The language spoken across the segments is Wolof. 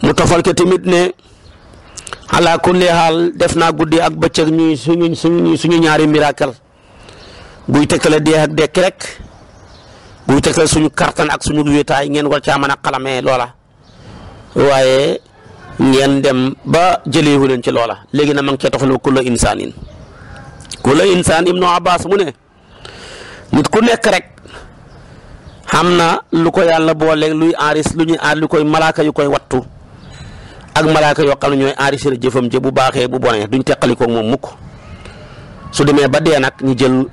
mu tofal ke tamit ne ala kulli haal def naa guddi ak bëccëg ñuy suñu suñu suñu ñaari miracle buy tëkkale dee ak dekk rek buy tëkkale suñu kartan ak suñu wéetaay ngeen war caa mën a xalamee loola waaye ngeen dem ba jëleewu leen ci loola léegi na ma ngi cee tofal kullu insaanin kullu insaan ibnu abbas mu ne nit ku nekk rek xam na lu ko yàlla booleeg luy enris lu ñuy aar lu koy malaaka yu koy wattu ak malaaka yokkal xam ne ñooy enrichir jëfam ja bu baaxee bu bonee duñ teqalikook moom mukk su demee ba dee nag ñu jël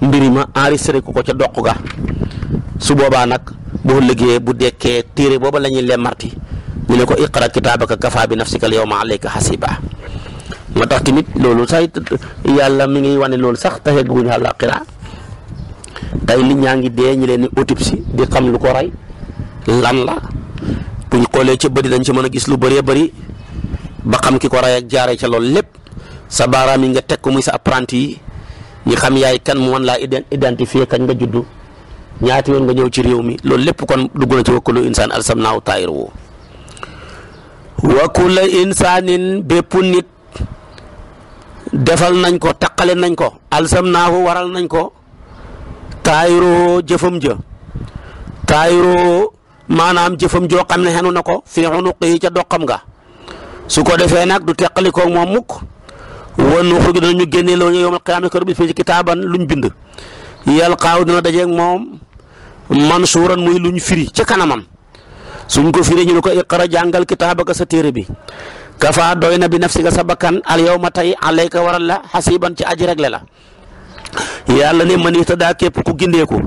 mbiri ma enregistré ko ko ca doq ga su boobaa nag boo liggéeyee bu dekkee téere booba la ñuy lemarti ñu ne ko iqra kitaabaka kafa bi si nafsika al yawma alayka hasiba moo tax tamit loolu sax yàlla mi ngi wane loolu sax taxee guñu àllaaxira tey nit ñaa ngi dee ñu leen di autopsie di xam lu ko rey lan la ñu xoolee ca bëri dañ ci mën a gis lu baree bari ba xam ki ko rey ak jaaree ca loolu lépp sa baaraam yi nga teg ko muy sa apprenti yi ñi xam yaay kan mu wan laa identifier kañ nga juddu ñaati yoon nga ñëw ci réew mi loolu lépp kon dugg na ci wakulu insaan alsamnaahu taayir woo wakula insaanin bépp nit defal nañ ko taqale nañ ko alsamnaahu waral nañ ko taayiroo jëfam ja taayiroo maanaam jëfam joo xam ne xenu na ko fii unuqihi ca doqam nga su ko defee nag du teqalikoog moom mukk wa nuxriju danañu génne loo yawmal qiyaamati kër bis ci kitaaban luñ bind yalqaahu dana dajeeg moom mansuuran muy luñ firi ci kanamam suñ ko firi ñu ne ko iqra jàngal kitaabaka sa téere bi kafaa doy na bi nafsika sa bakkan al yawma tey alayka waral la xasiiban ci aj regle la yàlla ne man ihtadaa képp ku gindeeku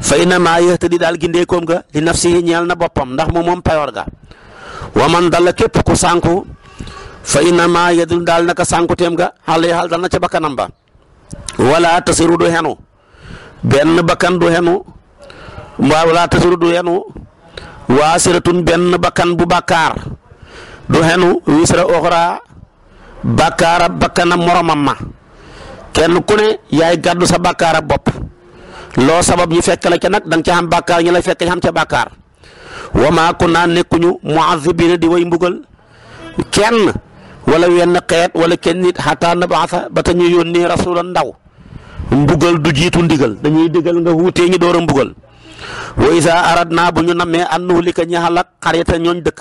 fa innamaa yahtadi daal gindeekoom ga li nafsihi ñeel na boppam ndax moom moom payoor ga wa man dalla képp ku sànku fa innamaa yadul daal naka sànkuteem ga xale xal dal na ca bakkanam ba wala tasiru du xenu benn bakkan du xenu mbaa wala tasiru benn bakkan bu bakkaar du xenu wisra oxra bakkaara bakkanam moromam ma kenn ku ne yaay gàddu sa bàkkaar ak bopp loo sabab ñu fekk la ca nag da nga ca am bàkkaar ñu lay fekk ñu am ca bàkkaar wa maa kunnaa nekkuñu mu'azzibiina di way mbugal kenn walla wenn xeet wala kenn nit xataa nabaasa ba ta ni yónnee rasulan ndaw mbugal du jiitu ndigal dañuy digal nga wuutee ñi door a mbugal wa isa aradna bu ñu namee an nuhlika ñi xalak xarita ñooñ dëkk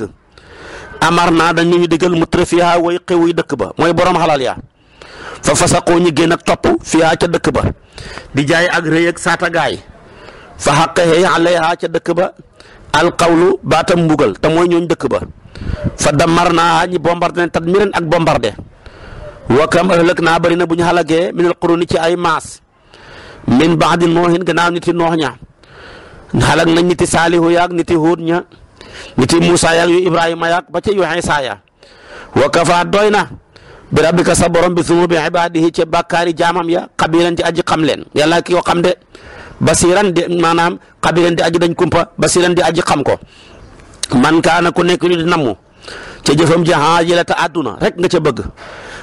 amar naa dañu ñu digal mutrafiha way xewuy dëkk ba mooy borom xalal yaa fa fasaqoo ñi génn ak topp fia ca dëkk ba di jaay ak rëy ak saatagaay fa xaqaxee alayha ca dëkk ba alqawlu baatam mbugal te mooy ñooñ dëkk ba fa dammar naa ñi bombardé tat mi ren ak bombarde wa kam ahlak naa bëri na bu ñu xalagee min al quruni ci ay maas min baadi noohin gannaaw niti noox ña xalag nañ niti saalihu yaag niti huud ña niti muusa yaag yu ibrahima yaag ba ca yu xeesaa ya wa kafa doy na bi rabbika sa borom bi mu sumu di ibaadihi ci bàkkaari jaamam ya xabiran ci aji xam leen yàlla ki ko xam de basiran de maanaam xabiran di aji dañ kumpa basiran di aji xam ko man kaana ku nekk ñu di namu ca jëfam ji xaajala ta àdduna rek nga ca bëgg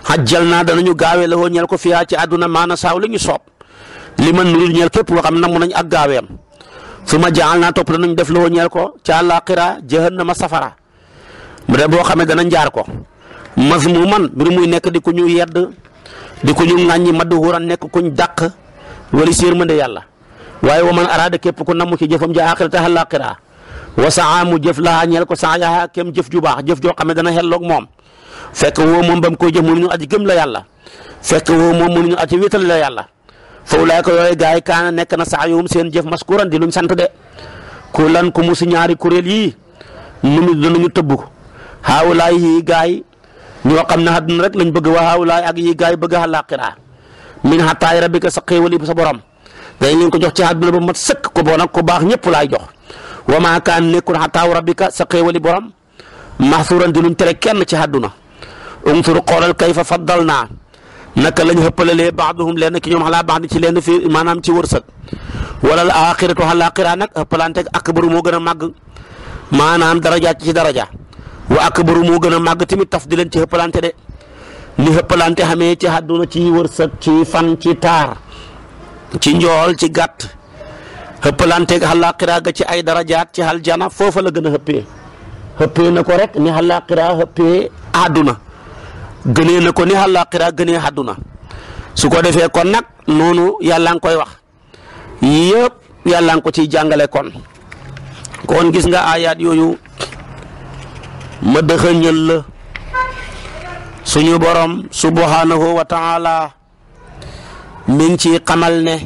xajjal naa danañu gaawee la woo ñeel ko fiyaa ci àdduna maana saaw la ñu soob li man nurid ñeel képp koo xam namu nañ ak gaaweem su ma jaal naa topp ñu def la woo ñeel ko ca àllaaxira jahannama safara mu de boo xamee dana njaar ko ma mazmuman mbir muy nekk di ko ñu yedd di ko ñu ŋàññi madhuuran nekk kuñ dàq wala si yërmande yàlla waaye woo man araada képp ku namm ci jëfam ja axirataha laaxira wa saa mu jëf laa ñeel ko saa yaa kem jëf ju baax jëf joo xam ne dana xelloog moom fekk woo moom ba mu koy jëf moom ñu aji gëm la yàlla fekk woo moom moom ñu aji wétal la yàlla fa ulaay ko yooyu gars yi kaana nekk na saa yoom seen jëf maskuran di luñ sant de ku lan ku mu si kuréel yii mu dinañu tëbb xaawulaay ñoo xam ne àdduna rek lañ bëgg waxaawulaay ak yi gaay yi bëgg àllaaxira min xataay rabbika saqee xéewal yi sa borom dañ leen ko jox ci àdduna ba mat sëkk ko bon ak ko baax ñëpp laay jox wa maa kaan nekkul xataaw rabbika sa xéewali borom maxsuuran di luñ tere kenn ci àdduna unsur xoolal kayfa faddal naa naka lañ xëppalalee baaduhum lenn ki ñoom xalaa baax ni ci lenn fi maanaam ci wërsëg wala al axiratu xalaaxira nag xëppalaante ak akbaru moo gën a màgg maanaam daraja ci daraja wa akbaru moo gën a màgg tamit taf di leen ci xëppalante de li xëppalante xamee ci àdduna ci wërsëg ci fan ci taar ci njool ci gàtt xëppalanteeg àllaaxira ga ci ay dara darajaat ci jana foofa la gën a xëppee xëppee na ko rek ni àllaaxira xëppee àdduna gënee na ko ni àllaaxira gënee àdduna su ko defee kon nag noonu yàlla nga koy wax yëpp yàlla nga ko ciy jàngale kon kon gis nga ayaat yooyu. ma dëxëñal la suñu borom su wa taala mi ngi ciy xamal ne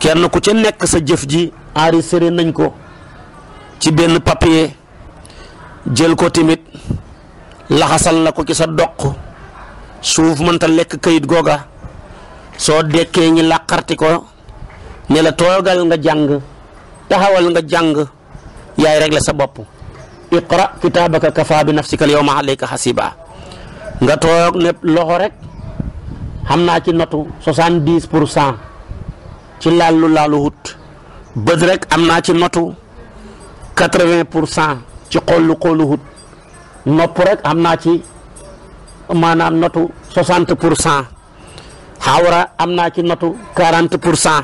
kenn ku ca nekk sa jëf ji enregistré nañ ko ci benn papier jël ko timit laxasal la ko ci sa doq suuf mënta lekk kayit googa soo dekkee ñi làqarti ko ne la toogal nga jàng taxawal nga jàng yaay régler sa bopp iqra kitaabaka kafa bi nafsika a yawma alayka hasiba nga toog ne loxo rek xam naa ci notu soixante dix pour cent ci laalu laalu wut bët rek am naa ci notu quatre vingt pour cent ci xollu xollu wut nopp rek am naa ci maanaam notu soixante pour cent xawra am naa ci notu quarante pour cent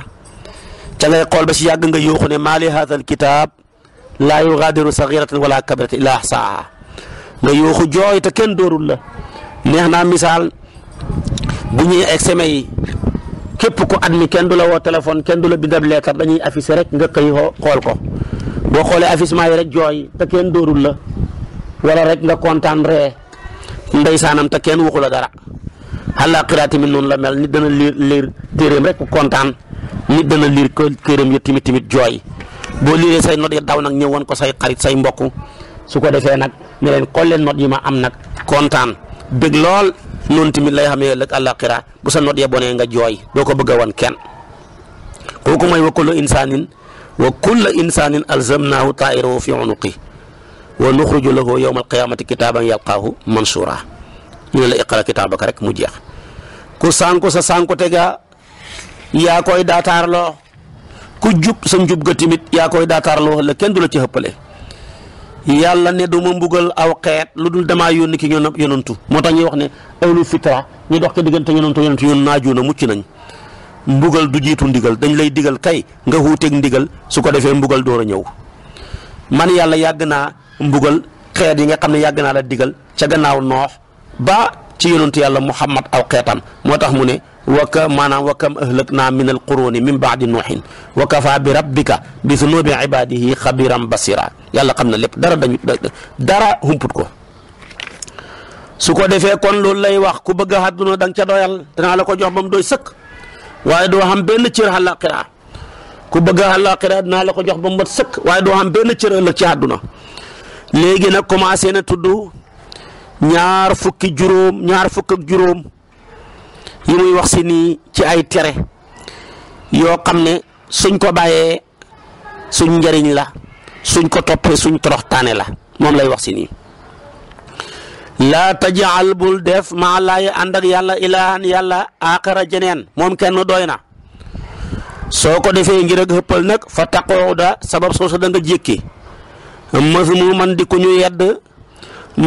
ca ngay xool ba si yàgg nga yooxu ne maali haadal kitaab laa yugaadiru sagiiratan wala kabiratan illaa ahsaaha nga yooxu jooy te kenn dóorul la neex naa misaal bu ñuy examen yi képp ku at mi kenn du la woo téléphone kenn du la bindab leetar dañuy afficher rek nga xëy xool ko boo xoolee affichement yi rek jooy te kenn dóorul la wala rek nga kontaan ree ndeysaanam te kenn waxu la dara xalaa xiraati mi noonu la mel nit dana liir liir téeréem rek kontaan nit dana liir kërëm ya timit timit jooy boo liiree say notes yi daw ko say xarit say mbokk su ko defee nag ne leen xool leen notes yi ma am nag kontaan bëgg lool noonu tamit lay xamee ëllëg àllaaxira bu sa notes ya bonee nga jooy doo ko bëgg a ken kenn kooku mooy wa kullu insaanin wa kulla insaanin alzamnaahu taa'irahu fi unuqi wa nuxriju lahu yowma alqiyaamati kitaaban yalqaahu mansuura ñu ne la iqra kitaabaka rek mu jeex ku sànku sa sànku tega yaa koy daataarloo ku jub sa njub ga yaa koy daataarloo la kenn du la ci xëppale yàlla ne du ma mbugal aw xeet lu dul damaa yónni ki ñoom yonantu moo tax ñuy wax ne awlu fitra ñu dox ci diggante yonantu yonantu yoon naaju na mucc nañ mbugal du jiitu ndigal dañ lay digal kay nga wuuteeg ndigal su ko defee mbugal door a ñëw man yàlla yàgg naa mbugal xeet yi nga xam ne yàgg naa la digal ca gannaaw noox ba ci yonantu yàlla muhammad aw xeetam moo tax mu ne. waka maanaam wa kam ahlakna min alquruni min baadi nuuhin wa kafa bi rabbika bi zunubi ibadihi xabiran basira yàlla xam na lépp dara dañu dara humput ko su ko defee kon loolu lay wax ku bëgg a àdduna da nga ca doyal danaa la ko jox ba mu doy sëkk waaye doo xam benn cër àllaaxira ku bëgg a àllaaxira dinaa la ko jox ba mu mat sëkk waaye doo xam benn cër ëllëg ci àdduna léegi nag commencé na tudd ñaar fukki juróom ñaar fukk ak juróom yi muy wax si nii ci ay tere yoo xam ne suñ ko bàyyee suñ njariñ la suñ ko toppee suñ toroxtaane la moom lay wax si nii laa tajaal bul def maa laay ànd ak yàlla ilaahan yàlla aaxara jeneen moom kenn doy na soo ko defee ngir ak xëppal nag fa taqoo da sabab soosa da nga jékki mazmuuman di ku ñu yedd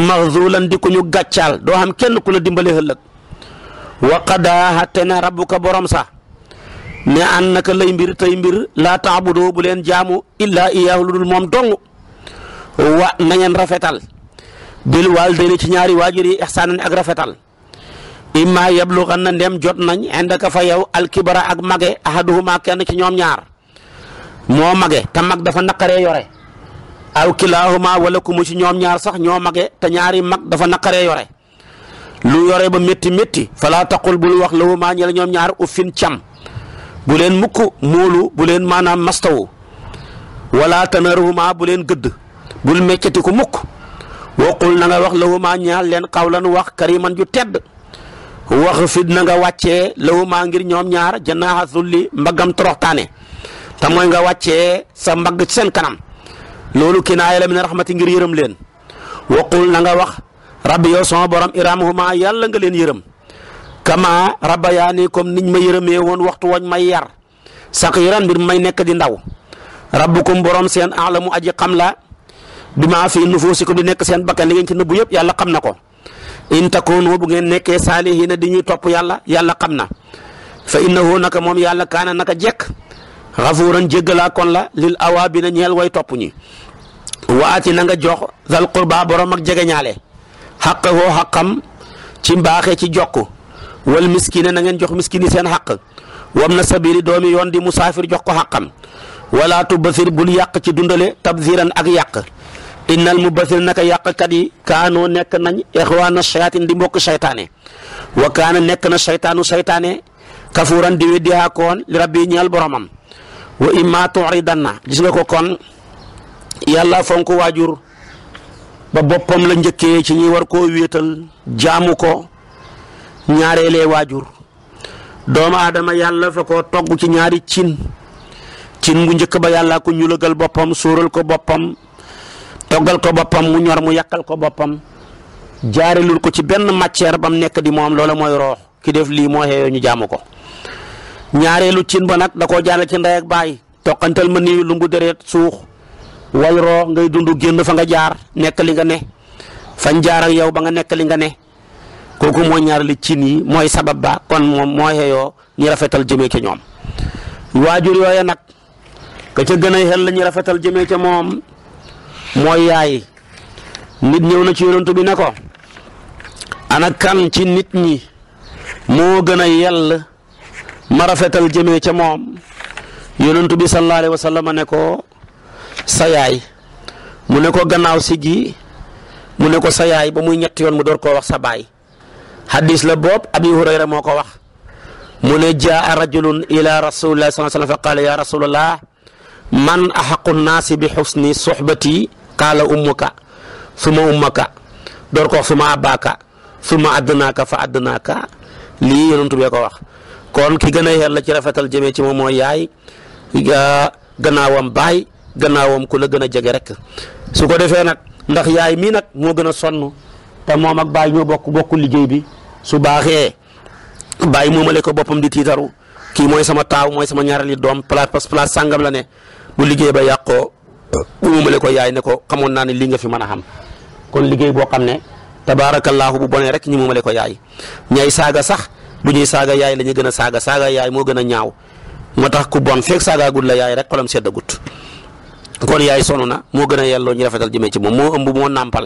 maxzuulan di ku ñu gàccaal doo xam kenn ku la dimbale ëllëg wa qadaa xatte rabbuka borom sax ne an naka lay mbir tay mbir laa taabudu bu leen jaamu illaa iyaahu lu dul moom dong wa na rafetal bil waalidayni ci ñaari waajur yi ixsaanan ak rafetal imma yablugan na ndem jot nañ indaka fa yow alkibara ak mage ahaduhuma kenn ci ñoom ñaar moo mage te mag dafa naqaree yore aw kilaahuma wala ku mu ci ñoom ñaar sax ñoo mage te ñaari mag dafa naqaree yore lu yore ba métti métti falaa taqul bul wax lawu maa ñela ñoom ñaar uffin cam bu leen mukk muulu bu leen maanaam mastawu wala tanaruhuma bu leen gëdd bul meccati ko mukk waqul na nga wax lahumaa ñaal leen xawlan wax kariman ju tedd wax fid na nga wàccee lahumaa ngir ñoom ñaar janaaxa zulli mbaggam toroxtaane te mooy nga wàccee sa mbagg ci seen kanam loolu kinaaya la min rahmati ngir yërëm leen waqul na nga wax rabbi yow sama borom irhamhuma yàlla nga leen yërëm kama rabbayaani comme niñ ma yërëmee woon waxtu wañ may yar saqiran mbir may nekk di ndaw rabbukum borom seen alamu aji xam la bi maa fi nufusikum di nekk seen bakkan li ngeen ci nëbbu yëpp yàlla xam na ko in takunu bu ngeen nekkee saalihiina di ñuy topp yàlla yàlla xam na fa innahu naka moom yàlla kaana naka jekk xafuuran jéggalaa kon la lil awaabina ñeel way topp ñi waati na jox zal xàq woo xàqam ci mbaaxee ci jokk wal miskina na ngeen jox miskini seen xàq wam na sabili doomi yoon di musaafir jox ko xàqam wala tubasir bul yàq ci dundale tabsiran ak yàq innal mubasir naka yàqkat yi kaanoo nekk nañ ixwaana shayatin di mbokk saytaane wa kaana nekk na saytaanu saytaane kafuuran di weddi haakoon li rabbi ñeel boromam wa imma tuuridanna gis nga ko kon yàlla fonk waajur ba boppam la njëkkee ci ñi war koo wéetal jaamu ko ñaareelee waajur doomu aadama yàlla fa ko togg ci ñaari cin cin bu njëkk ba yàlla ko ñulagal boppam sóoral ko boppam toggal ko boppam mu ñor mu yàqal ko boppam jaarelul ko ci benn matière ba nekk di moom loola mooy roox ki def lii moo xeeyoo ñu jaamu ko ñaareelu cin ba nag da koo jaarale ci ndey ak baay toqantal ma nii lu mbu suux wayroo ngay dund génn fa nga jaar nekk nga ne fañ jaar ak yow ba nga nekkali li nga ne kooku moo ñaarale cin yi mooy sabab ba kon moom moo xeyoo ñi rafetal jëmee ca ñoom waajur yooya nag ca gën a ñu rafetal jëmee ca moom mooy yaay nit ñëw na ci yonent bi ne ko ana ci nit ñi moo gën a yell ma rafetal jëmee ca moom yonent bi sallallahu alayhi wa ko sa yaay mu ne ko gannaaw si gi mu ne ko sa yaay ba muy ñetti yoon mu door koo wax sa baay hadis la boobu abi hurayra moo ko wax mu ne jaa rajulun ila rasulillah sallallahu qaala ya rasulallah man axaqu naasi bi xusni soxbati qaala ummuka suma ummaka door ko wax suma abbaaka suma adnaaka fa adnaaka lii yonent bi ko wax kon ki gën a la ci rafetal jëmee ci moom mooy yaay gannaawam baay gannaawam ku la gën a jege rek su ko defee nag ndax yaay mii nag moo gën a sonn te moom ak baay ñoo bokk bokku liggéey bi su baaxee moom moomale ko boppam di tiitaru kii mooy sama taaw mooy sama ñaareeli doom place place sàngam la ne bu liggéey ba yàqoo moomale ko yaay ne ko xamoon naa ne lii nga fi mën a xam kon liggéey boo xam ne tabaarakallaahu bu bonee rek ñu moomale ko yaay ñay saaga sax bu ñuy saaga yaay la ñu gën a saaga saaga yaay moo gën a ñaaw moo tax ku bon feeg saagaagul la yaay rek xolam seddagut kon yaay sonn na moo gën a yelloo ñu rafetal jëmee ci moom moo ëmb moo nàmpal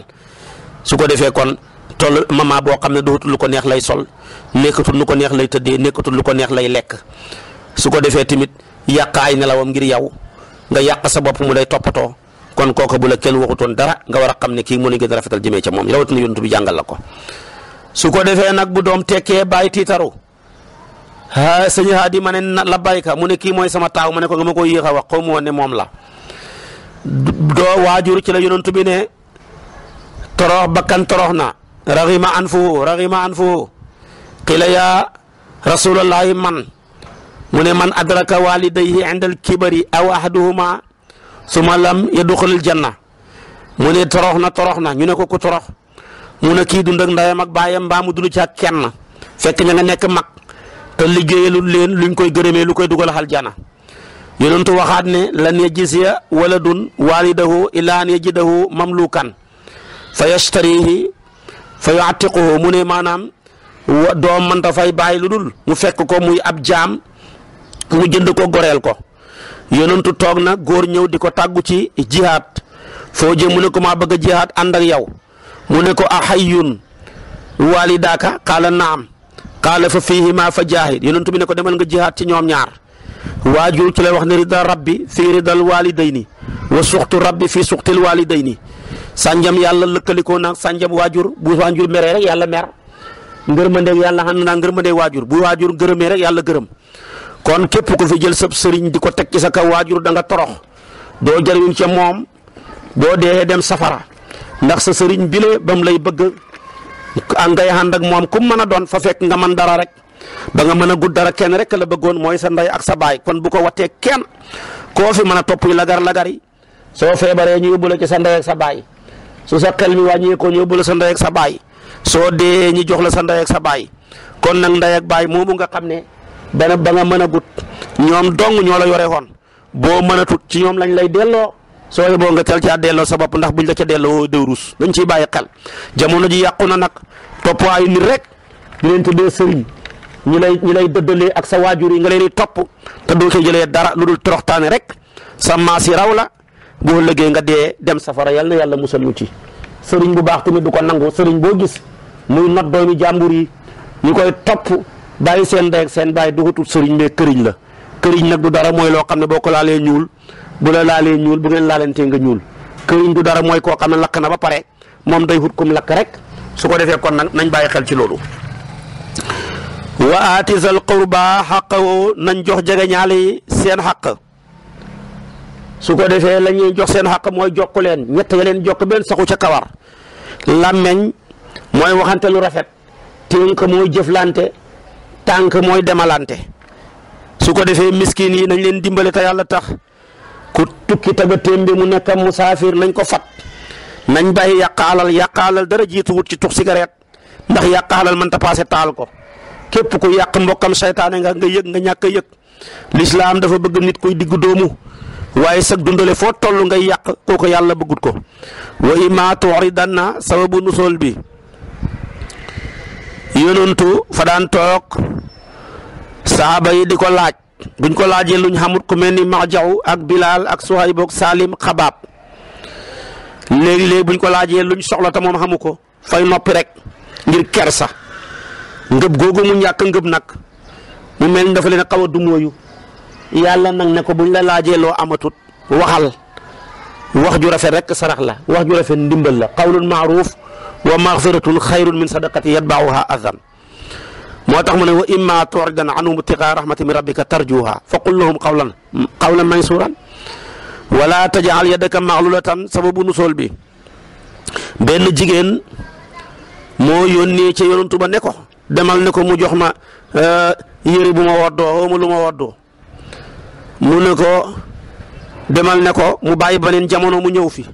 su ko defee kon toll mama boo xam ne dootul ko neex lay sol nekkatul lu ko neex lay tëddee nekkatul lu ko neex lay lekk su ko defee tamit yàq ay nelawam ngir yow nga yàq sa bopp mu lay toppatoo kon kooka bu la kenn waxutoon dara nga war a xam ne kii mën a gën a rafetal jëmee ci moom rawatina yonent bi jàngal la ko su ko defee nag bu doom tekkee bàyyi tiitaru ah sëñ Hadi ma ne la bayka mu ne kii mooy sama taaw mu ne ko nga ma ko yéex a wax xaw ma ne moom la doo waajur ci la yonent bi ne torox bakkan torox na raxima an fuhu raxima an yaa rasulallahi man mu ne man adraka walidayhi indal kibari aw ahaduhuma suma lam yadxulil janna mu ne torox na torox na ñu ne ko ku torox mu ne kii dund ak ndeyam ak baayam mbaa mu dund ci ak kenn fekk ña nekk mag te liggéeyalul leen luñ koy gërëmee lu koy dugal xal jana yonentu waxaat ne lan yajziya waladun waalidahu illaa an yajidahu mamlukan fa yashtarihi fa yuatiquhu mu ne maanaam doom mënta fay bàyyi lu dul mu fekk ko muy ab jaam mu jënd ko goreel ko yonentu toog na góor ñëw di ko tàggu ci jihaad foo jëm mu ne ko maa bëgg a jihaad ànd ak yow mu ne ko ahayyun waalidaaka qaala naam qaala fa fiihimaa fa jaahid yonentu bi ne ko demal nga jihaad ci ñoom ñaar waajur ci lay wax ne ridal rabbi fii ridal walidayni wa suxtu rabbi fii suxtil ni sanjam yàlla lëkkalikoo naag sànjam waajur bu waajur meree rek yàlla mer ngërmandee yàlla xam naa ngërmandee waajur bu waajur gërëmee rek yàlla gërëm kon képp ku fi jël sab sëriñ di ko teg ci sa kaw waajur danga nga torox doo jëriñu ca moom doo dee dem safara ndax sa sëriñ bile ba lay bëgg ngay ànd ak moom ku mën a doon fa fekk nga man dara rek ba nga mën a gudd dara kenn rek la bëggoon mooy sa ndey ak sa baay kon bu ko watee kenn koo fi mën a topp lagar-lagar soo feebaree ñu yóbbu la ci sa sa baay su sa xel mi wàññeekoo ñu yóbbu la sa ndey sa baay soo dee ñu jox la sa ndey sa baay kon nag ndey baay moomu nga xam ne benn ba nga mën a gudd ñoom dong ñoo la yore woon boo mën a ci ñoom lañ lay delloo soo yeboo nga tel caa delloo sa bopp ndax buñ la ca delloo déw ruus dañ ciy bàyyi xel jamono ji yàqu na nag toppwaayu nit rek di leen sëriñ ñi lay ñi lay dëddalee ak sa waajur yi nga leen di topp te doo ci jëlee dara lu dul toroxtaane rek sa maas yi raw la boo lëggee nga dee dem safara yàlla yàlla musal ñu ci. sëriñ bu baax tamit du ko nangu sëriñ boo gis muy not doomi jàmbur yi ñu koy topp bàyyi seen ndey ak seen bàyyi du ko sëriñ mais këriñ la këriñ nag du dara mooy loo xam ne boo ko laalee ñuul bu la laalee ñuul bu ngeen laalantee nga ñuul këriñ du dara mooy koo xam ne lakk na ba pare moom day hut kum lakk rek su ko defee kon nag nañ bàyyi xel ci loolu. wa aatisal qurba xaqahu nañ jox jegeñaale yi seen xaq su ko defee la ñuy jox seen xaq mooy jokk leen ñett ya leen jokk benn saxu ca kawar làmmeñ mooy waxante lu rafet tënk mooy jëflante tànk mooy demalante su ko defee miskin yi nañ leen dimbale te yàlla tax ku tukki taga téem bi mu nekk musaafir nañ ko fat nañ bàyyi yàq alal yàq alal dara jiitu ci tux cigarette ndax yàq alal mënta paase taal ko képp ku yàq mbokkam saytaane nga nga yëg nga ñàkk a yëg lislaam dafa bëgg nit koy diggu doomu waaye sag dundale foo toll ngay yàq kooku yàlla bëggut ko wa imma tu'ridanna sababu nusool bi yonantu fa daan toog saaba yi di ko laaj buñ ko laajee luñ xamut ku mel ni Majaw ak Bilal ak Suhayb ak Salim Xabaab léegi-léegi buñ ko laajee luñ soxla te moom xamu ko fay noppi rek ngir kersa ngëb googu mu ñàkk ngëb nag mu mel ni dafa leen xaw a dumóoyu yàlla nag ne ko buñ la laajee loo amatut waxal wax ju rafet rek sarax la wax ju rafet ndimbal la qawlun ma wa maxfiratun xayrun min sadaqati yatbauha azan moo tax mu ne wa imma turidan anhum ibtigaa rahmati min rabbika tarjuha fa qul lahum qawlan qawlan mansuran wala tajal yadaka maxlulatan sababu nusool bi benn jigéen moo yónnee ca yonantu ba ne ko demal ne ko mu jox ma euh, yëri bu ma woddoo xawma lu ma woddoo mu ne ko demal ne ko mu bàyyi neen jamono mu ñëw fi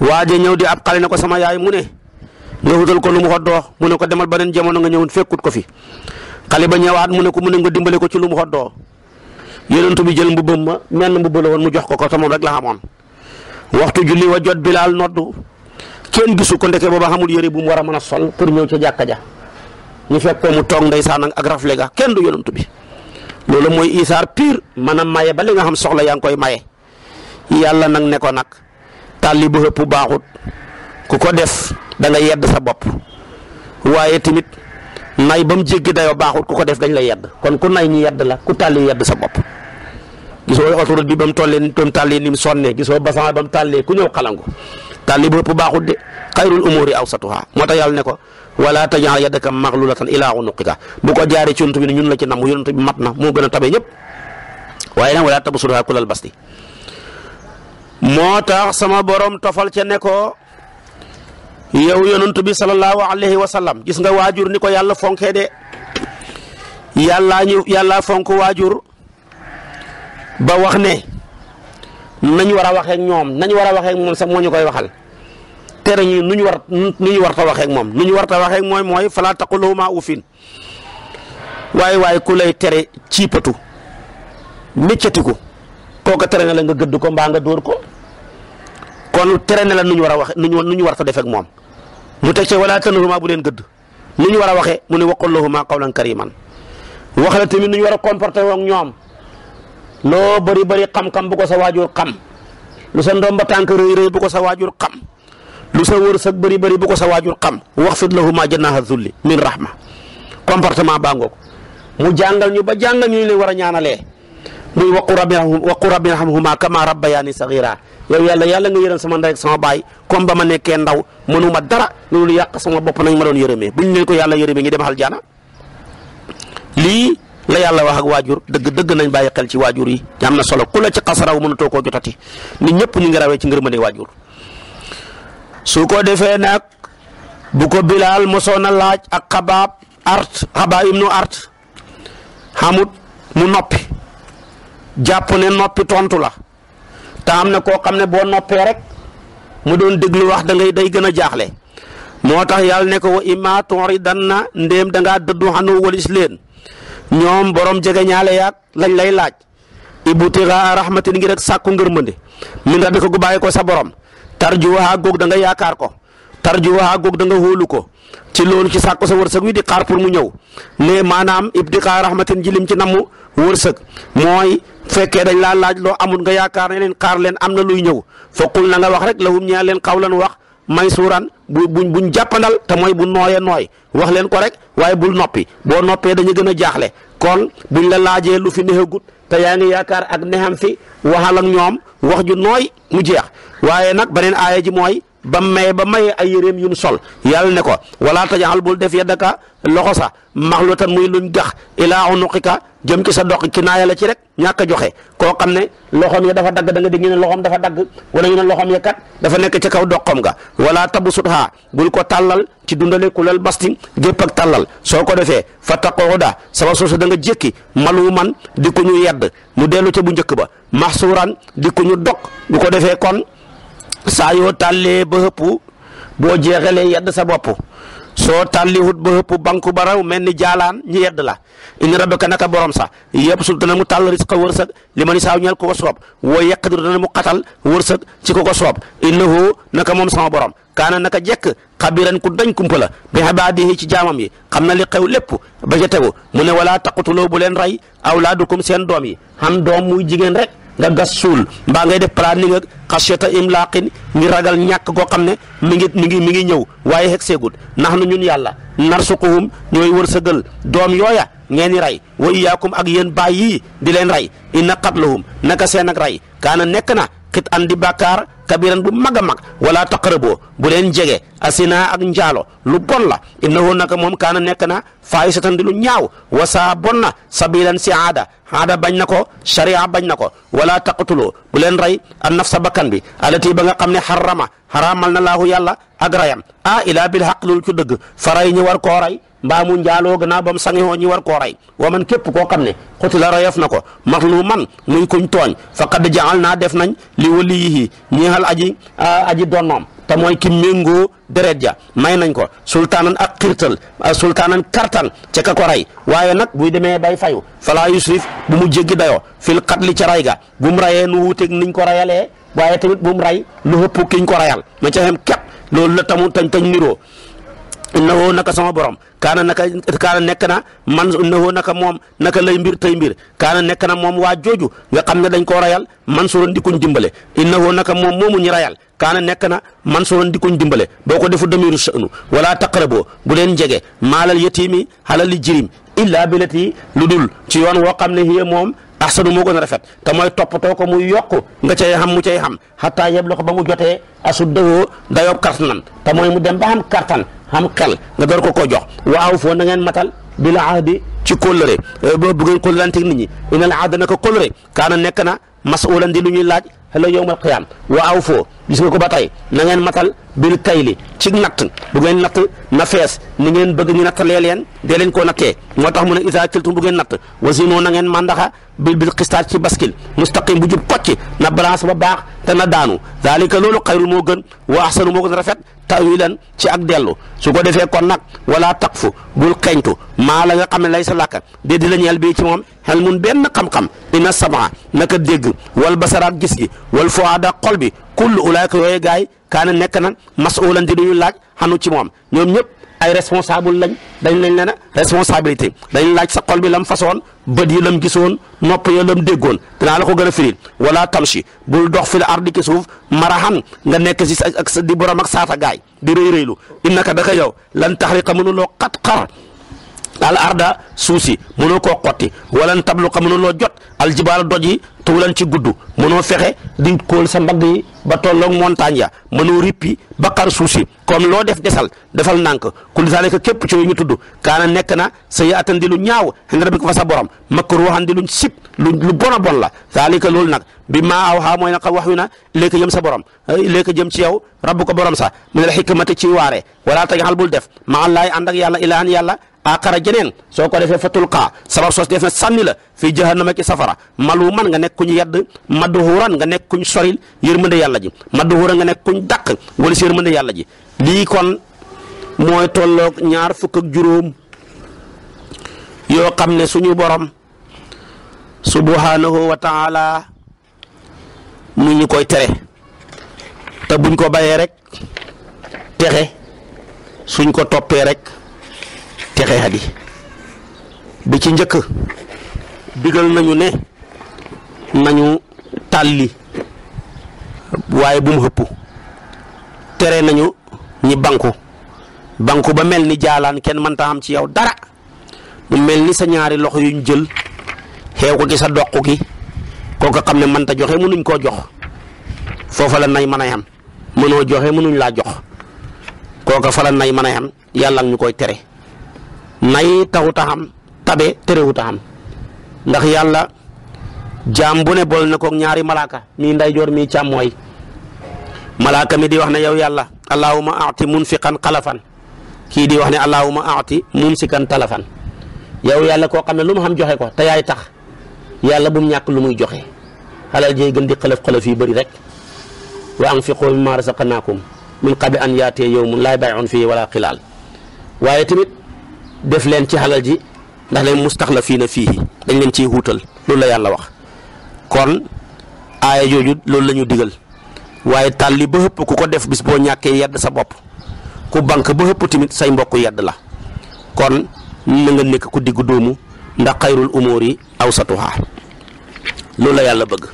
waaje ñëw di ab xale ne ko sama yaay mu ne nga wutal ko lu mu xoddoo mu ne ko demal beneen jamono nga ñëwun fekkut ko fi xale ba ñëwaat mu ne ko mu ne nga dimbale ko ci lu mu xoddoo yonent bi jël mbubbam ma menn mbubb la woon mu jox ko ko te moom rek la xamoon waxtu julli wa jot bilaal noddu kenn gisu ko ndeke booba xamul yëre bu mu a mën a sol pour ñëw jàkka ja ñu fekk ko mu toog ndeysaan ak rafle ga kenn du yonantu bi loolu mooy isaar man a maye ba li nga xam soxla yaa ngi koy maye yàlla nag ne ko nag tàlli bu ëpp baaxut ku ko def da nga sa bopp waaye tamit nay ba mu jéggi dayoo ku ko def dañ la yedd kon ku nay ñu yedd la ku tàlli yedd sa bopp gisoo autoroute bi ba mu tollee ni mu tàllee ni sonnee gisoo basan ba mu tàllee ku ñëw xalangu tàlli bu ëpp baaxut de xayrul umuri awsatuha moo tax yàlla ne ko wala tajal yadaka maglulatan ila unuqika bu ko jaaree ci yonent bi ne ñun la ci nam yonent bi mat na moo gën a tabe ñëpp waaye nag wala tabsurha kulal basti moo tax sama borom tofal ca ne ko yow yonent bi sallallahu alayhi wa sallam gis nga waajur ni ko yàlla fonkee de yàllaa ñu yàllaa fonk waajur ba wax ne nañ war a waxee ñoom nañ war a waxee moom sax moo ñu koy waxal. tere ñu nu ñu war nu ñu war ta waxeek ak moom nu war ta waxee ak mooy mooy falaa taqul lahumaa uffin waaye waaye ku lay tere ciipatu méccati ko kooka tere na nga gëdd ko mbaa nga door ko kon tere na la nu ñu war a waxe nu ñu nu ñu war ta defeek moom mu teg ci walaa tanharhumaa bu deen gëdd nu ñu war a waxee mu ne wax waqul lahumaa qawlan kariiman wax la tamit nu ñu war a comporté woo ak ñoom loo bëri bëri xam-xam bu ko sa waajur xam lu sa ndoom ba tànk rëy rëy bu ko sa waajur xam. lu sa wërsëg bëri bari bu ko sa waajur xam waxfid lahumaa janaaha zulli min rahma comportement baa ngoog mu jàngal ñu ba jàngal ñu leen war a ñaanalee muy waqu rabbi waqu rabbi irhamhumaa kamaa rabbayaani sagiira yow yàlla yàlla nga yërëm sama ndey ak sama baay comme ba ma nekkee ndaw mënuma dara loolu yàq sama bopp nañ ma doon yërëmee ñu leen ko yàlla yërëmee ñu dem aljana lii la yàlla wax ak waajur dëgg dëgg nañ bàyyi xel ci waajur yi am na solo ku la ci xasaraw mënatoo koo jotati nit ñëpp ñu ngi rawee ci ngërmande waajur su ko defee nag bu ko bilaal mosoon a laaj ak xabaab art xabaab ibnu art xamut mu noppi jàpp ne noppi tontu la te am na koo xam ne boo noppee rek mu doon déglu wax da day gën a jaaxle moo tax yàlla ne ko wa imma turidanna ndéem da ngaa dëddu xanu walis leen ñoom boroom jege ñaale yaag lañ lay laaj ibutiraa rahmatin ngi rek sàkku ngërmande mu rabbika gu bàyyi ko sa borom tarjuwaha goog da nga yaakaar ko tarjuwaha goog da nga hóolu ko ci loolu ci sàkko sa wërsëg wi di xaar pour mu ñëw ne maanaam ibtiqaa rahmatin ji lim ci namu wërsëg mooy fekkee dañ laa laaj loo amul nga yaakaar ne leen xaar leen am na luy ñëw fokkul na nga wax rek lahum ñaa leen xawlan wax may suuraan bu buñ buñ jàppandal te mooy bu nooyee nooy wax leen ko rek waaye bul noppi boo noppee dañu gën a jaaxle kon buñ la laajee lu fi neexagut te yaa ngi yaakaar ak nexam fi waxal ak ñoom wax ju nooy mu jeex waaye nag beneen aaya ji mooy ba may ba may ay yéreem yum sol yàlla ne ko wala tajaxal bul def yadaka loxo sa maxlutan muy luñ gax ilaa ka jëm ci sa doq naa la ci rek ñàkk a joxe koo xam ne loxoom ya dafa dagg da nga dégg ñu ne dafa dagg wala ñu ne loxoom ya kat dafa nekk ca kaw ga nga wala tabsut ha bul ko tàllal ci dundale kulal basti gépp ak tàllal soo ko defee fa taquda sama soosu da nga jékki maluman di ko ñu yedd mu dellu ca bu njëkk ba maxsuuran di ko ñu saa yoo tàllee ba hëpp boo le yedd sa bopp soo tàlliwut ba hëpp banku ba raw mel ni jaalaan ñu yedd la inna ka naka borom sa yëpp sul dana mu tàll risqa wërsëg li ma ni saaw ñeel ko ko soob woo yaqdir dana mu xatal wërsëg ci ko ko soob innahu naka moom sama borom kaana naka jekk xabiran ku dañ kumpa la bi ibaadihi ci jaamam yi xam na li xew lépp ba ca tegu mu ne wala taqutuloo bu leen rey awlaadukum seen doom yi xam doom muy jigéen nga gas suul mbaa ngay def planning ak xasiyata imlaaqin ngi ragal ñàkk goo xam ne mi ngi mi ngi mi ngi ñëw waaye xeg seegul nax nu ñun yàlla narsuquhum ñooy wërsëgal doom yooya ngeen i rey wa iyaakum ak yéen baay yii di leen rey inna qatlahum naka seen ak ray kaana nekk na xit an di bàkkaar kabiran bu mag a mag wala taqaraboo bu leen jege asina ak njaalo lu bon la innahu ka moom kaana nekk na fahisatan di lu ñaaw wasaa bon na sabilan si aada aada bañ na ko sharia bañ na ko wala taqtuloo bu leen rey an nafsa bakkan bi alati ba nga xam ne xarama xaraamal na laahu yàlla ak rayam ah ilaa bil haq loolu ci dëgg faray ñi war koo mbaa mu njaaloo gannaaw ba mu sangihoo ñi war koo rey wa man képp koo xam ne xutila rayef na ko maxluman muy kuñ tooñ faqad jaal naa def nañ li waliyihi ñeexal aji aji donnoom te mooy ki méngoo deret ja may nañ ko sultaanan ak xirtal sultaanan kartan ca ka ko rey waaye nag buy demee bay fayu fala yusrif bu mu jéggi dayo fil xatli ca rey ga bu mu rayee nu wuuteeg niñ ko rayalee waaye tamit bu mu rey lu ëpp kiñ ko rayal ma ca xem képp loolu la tamu tañ tañ niroo innahu naka sama borom kaana naka kaana nekk na man innahu naka moom naka lay mbir tey mbir kaana nekk na moom waa jooju nga xam ne dañ koo rayal mansuran di kuñ dimbale innahu naka moom moomu ñu rayal kaana nekk na mansuran di kuñ dimbale boo ko defu damiru sha'nu wala taqrabo bu leen jege maalal yatiimi halali jirim illaa bilati lu dul ci yoon woo xam ne hiya moom ahsanu moo gën a rafet te mooy toppatoo ko muy yokk nga cay xam mu cay xam xataa yeblu ba mu jotee asuddahu dayob kartanam te mooy mu dem ba xam kartan am xel nga door ko ko jox waaw foo na ngeen matal bil ahdi ci kóllëre eh, bu ngeen kóllëranteeg nit ñi inal ahda naka kóllëre kaana nekk na masulan di lu ñuy laaj xëla yawmal qiyaam wa aw foo gis ko ba tey na ngeen matal bil kayli ci natt bu ngeen natt na fees ni ngeen bëgg ñu nattalee leen deleen leen na nattee moo tax mu ne isa kiltum bu ngeen natt wasinoo na ngeen mandaxa bil bil xistaat ci baskil mustaqim bu jub kocc na balance ba baax te na daanu zalika loolu xayrul moo gën wa ahsanu moo gën rafet tawilan ci ak dellu su ko defee kon nag wala taqfu bul xeñtu maa la nga xam lay sa làkka dee di la ñeel bii ci moom benn xam-xam ina naka dégg wal basara ak gis gi wal fuaada xol bi kullu ulaayka yooyu gars yi kaana nekk na masulan di duñu laaj xanu ci moom ñoom ñëpp ay responsable lañ dañ lañ leen a responsabilité dañ laaj sa xol bi lam fasoon bët yi lam gisoon nopp yi lam déggoon naa la ko gën a firil wala tamshi bul dox fil ardi ki suuf marahan nga nekk si ak sa di borom ak saata gaay di rëy rëylu innaka daka yow lan taxriqa mënuloo xat xar al arda suusi mënoo ko xotti walan tabluqa mënuloo jot al jibaal doj yi tuulan ci gudd mënoo fexe di kóol sa mbagg yi ba tolloog montagne ya mënoo rippi ba xar suuf si comme loo def desal defal nànk kulli zaalika képp ci ñu tudd kaana nekk na sa yi atandi lu ñaaw xëy bi ko fa sa borom makruuhan di luñ sib lu lu bon a bon la zaalika loolu nag bi ma aw xaa mooy nag wax wi na léegi jëm sa borom eh, léegi jëm ci yow rabbu ko borom sa mu ne la xikmati ci waare wala tajaxal bul def ma laay ànd ak yàlla yalla yàlla aqara jeneen soo ko defee fatul kaa sabab sos def la fii jahannama ci safara malu man madhuuran nga nekk kuñ soril yërmande yàlla ji madhuuran nga nekk kuñ dàq wala si yërmande yàlla ji lii kon mooy tolloog ñaar fukk juróom yoo xam ne suñu borom subhanahu wa taala mu ñu koy tere te buñ ko bayee rek texe suñ ko toppee rek texe hadi bi ci njëkk digal nañu ne nañu tàlli waaye bu mu xëpp tere nañu ñi banku banku ba mel ni jaalaan kenn mën am ci yaw dara mu mel ni sa ñaari loxo yuñ jël xeew ko ci sa doq gi kooku xam ne mën ta joxe mënuñ koo jox foofa la nay mën a yam mënoo joxe mënuñ laa jox kooka fa la nay mën a yam yàlla ñu koy tere nay taxut a tabe terewut a ndax yàlla jaam bu ne bool na koog ñaari malaaka mi mii ndeyjoor mii càmmooy malaaka mi di wax ne yow yàlla allahuma aati munfiqan xalafan kii di wax ne allahuma aati mumsikan talafan yow yàlla koo xam ne lu mu xam joxe ko te yaay tax yàlla bu mu ñàkk lu muy joxe xalal jey gën di xalaf xalaf yu bëri rek wa anfiqu mimma razaqnaakum min qabli an yaatee yawmun laa bay'un fii wala xilaal waaye tamit def leen ci xalal ji ndax leen mustaxlafiina fii dañ leen ci huutal loolu la yàlla wax kon aaya jooju loolu lañu ñu digal waaye tàlli ba xëpp ku ko def bis boo ñàkkee yedd sa bopp ku banque ba xëpp tamit say mbokk yedd la kon na nga nekk ku diggu dóomu ndax xayrul umóor yi aw sa satuha loolu la yàlla bëgg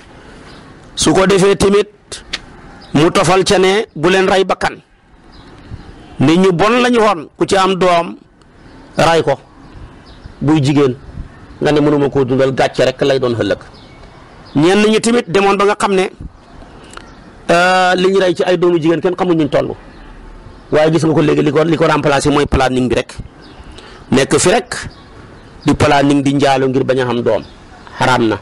su ko defee tamit mu tofal ca ne bu leen rey bakkan nit ñu bon lañu woon ku ci am doom ray ko buy jigéen nga ne mënuma koo dundal gàcce rekk lay doon xëllëg ñenn ñi tamit demoon ba nga xam ne euh, li ñu rey ci ay doomu jigéen kenn xamuñ ñu toll waaye gis nga ko léegi li ko li ko remplacé mooy planning bi rek nekk fi rek di planning di njaalo ngir bañ a xam doom xaraam na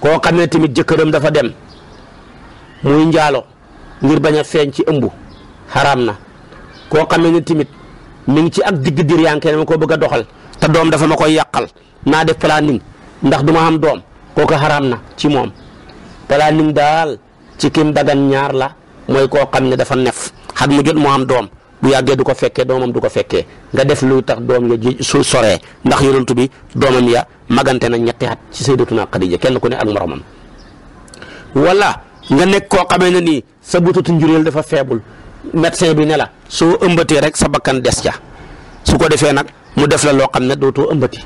koo xamee tamit jëkkëram dafa dem muy njaalo ngir bañ a feeñ ci ëmb xaraam na koo xam ne ñu mi ngi ci ak digg dir yankee ne ma ko bëgg a doxal te doom dafa ma koy yàqal naa def planning ndax du ma xam doom kooku xaraam na ci moom planning daal ci kim dagan ñaar la mooy koo xam ne dafa nef xat mu jot mu am doom bu yàggee du ko fekkee doomam du ko fekkee nga def luy tax doom ya ji su soree ndax yonent bi doomam ya magante na ñetti at ci sayyidatuna Xadija kenn ku ne ak moromam wala nga nekk koo xamee na nii sa butatu njuréel dafa faible médecin bi ne la soo ëmbatee rek sa bakkan des ca su ko defee nag mu def la loo xam ne dootoo ëmbati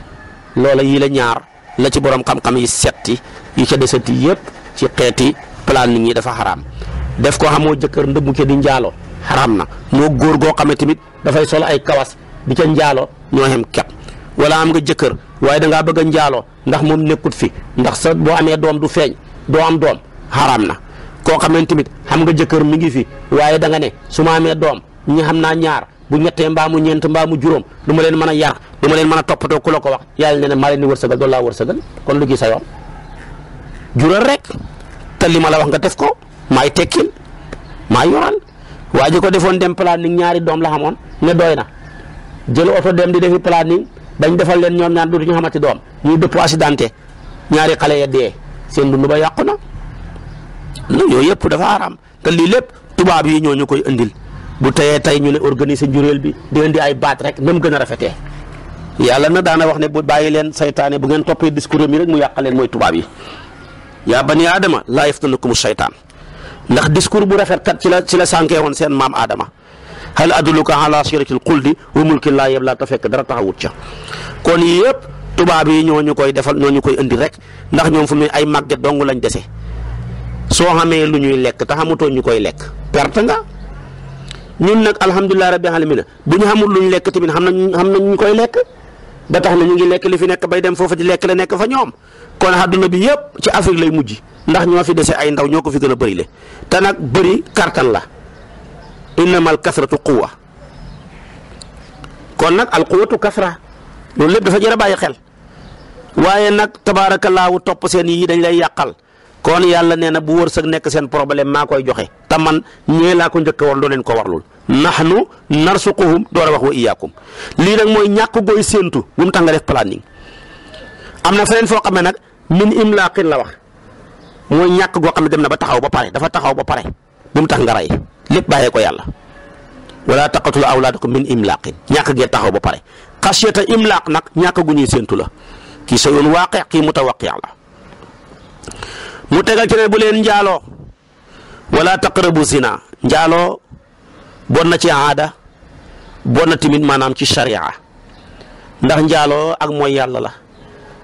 loola yii la ñaar la ci boroom xam-xam yi setti yi ca desati yëpp ci xeeti ni ñi dafa xaraam def ko xamoo jëkkër ndëmmu ca di njaalo xaraam na moo góor goo xam ne dafay sol ay kawas di ca njaalo ñoo xem wala am nga jëkkër waaye da ngaa a njaalo ndax moom nekkut fi ndax sa boo amee doom du feeñ doo am doom xaraam na koo xam ne tamit xam nga jëkkër mi ngi fi waaye da nga ne su ma amee doom ñi xam naa ñaar bu ñettee mbaa mu ñeent mbaa mu juróom duma leen mën a yar du leen mën a toppatoo ku la ko wax yàlla nee na maa leen di wërsëgal doolu laa wërsëgal kon lu gi sa yoon jural rek te li ma la wax nga def ko maay tekkil maay yoral waa ko defoon dem planning ñaari doom la xamoon ne doy na jël oto dem di defi planning dañ defal leen ñoom ñaar du ñu xamati doom ñuy dëpp accidenté ñaari xale ya dee seen dund ba yàqu na yooyu yëpp dafa araam lii lépp tubaab yi ñoo koy indil bu teyee tey ñu ne organiser njuréel bi di leen di ay baat rek nam gën a rafetee yàlla na daana wax ne bu bàyyi leen seytaanee bu ngeen toppee discours mi rek mu yàq leen mooy tubaab yi yaa bani aadama laa yaftinakum saytaan ndax discours bu rafet kat ci la ci la sànkee woon seen maam aadama hal adulluka ala siratil xuldi wa mulkin laa yablaa te fekk dara taxawut ca kon yëpp tubaab yi ñoo ñu koy defal ñoo ñu koy indi rek ndax ñoom fu mu ay màgget dong lañ dese soo xamee lu ñuy lekk te xamutoo ñu koy lekk perte nga ñun nag alhamdulilah mi alamina bu ñu xamul luñ lekk tamit xam na nañ xam na ñu koy lekk ba tax na ñu ngi lekk li fi nekk bay dem foofa di lekk la nekk fa ñoom kon àdduna bi yëpp ci Afrique lay mujj ndax ñoo fi dese ay ndaw ñoo ko fi gën a bëri le te nag bëri kartan la innamal kasratu quwa kon nag al quwatu kasra loolu lépp dafa jar a bàyyi xel waaye nag tabaarakallaahu topp seen yii dañ lay yàqal. kon yàlla nee na bu wërsëg nekk seen problème maa koy joxe te man ñee laa ko njëkk woon doo ko ko warlul nahnu narsuquhum door a wax wa iyaakum lii nag mooy ñàkk gooy séentu bu mu tax nga def planning am na feneen foo xam ne nag min imlaaqin la wax mooy ñàkk goo xam ne dem na ba taxaw ba pare dafa taxaw ba pare bu mu tax nga rey lépp bàyyee ko yàlla wala taqatulu awlaadakum min imlaaqin ñàkk ngeen taxaw ba pare xasiyata imlaaq nag ñàkk gu ñuy séentu la kii sa yoon waaqe kii mutawaqi la mu tegal ci ne bu leen njaaloo wala taqrabu zina njaaloo bon na ci aada bon na tamit maanaam ci sharia ndax njaaloo ak mooy yàlla la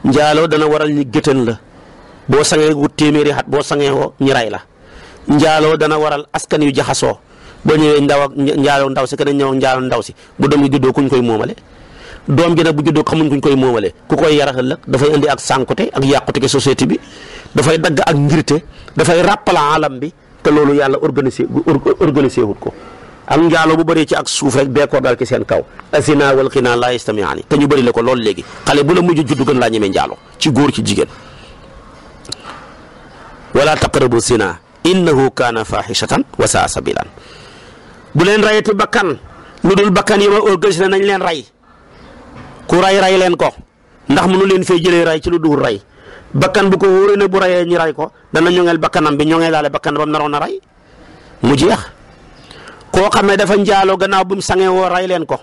njaaloo dana waral ñu gëtën la boo sangee gu téeméeri xat boo sangee ko ñi ray la njaaloo dana waral askan yu jaxasoo boo ñëwee ndaw ak njaaloo ndaw si keneen ñëw njaaloo ndaw si bu doom yi juddoo kuñ koy moomale doom ji nag bu juddoo xamuñ kuñ koy moomale ku koy yara ëllëg dafay indi ak sànkute ak yàqute ke société bi dafay dagg ak ngirte dafay rappel alam bi te loolu yàlla organisé organisé wut ko ak njaalo bu bëree ci ak suuf rek bee ko dal ci seen kaw azina wal xinaa laa yastamiaani te ñu bëri la ko loolu léegi xale bu la mujj juddu gën laa ñemee njaalo ci góor ci jigéen wala taqrabu zina innahu kaana fahishatan wa saa sabilan bu leen rayati bakkan lu dul bakkan yi ma nañ leen ray ku rey ray leen ko ndax mu mënu leen fee jëlee ray ci lu dul ray bakkan bu ko wóoree ne bu rayee ñi ray ko dana ñoŋeel bakkanam bi ñoŋee daale bakkan ba mu mu jeex koo xam ne dafa njaaloo gannaaw bu mu sangee woo ray leen ko